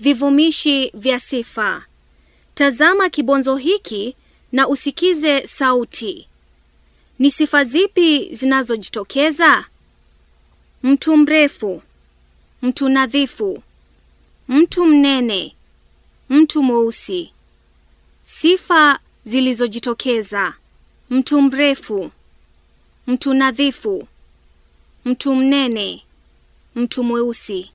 Vivumishi vya sifa. Tazama kibonzo hiki na usikize sauti. Ni sifa zipi zinazojitokeza? Mtu mrefu, mtu nadhifu, mtu mnene, mtu mweusi. Sifa zilizojitokeza: mtu mrefu, mtu nadhifu, mtu mnene, mtu mweusi.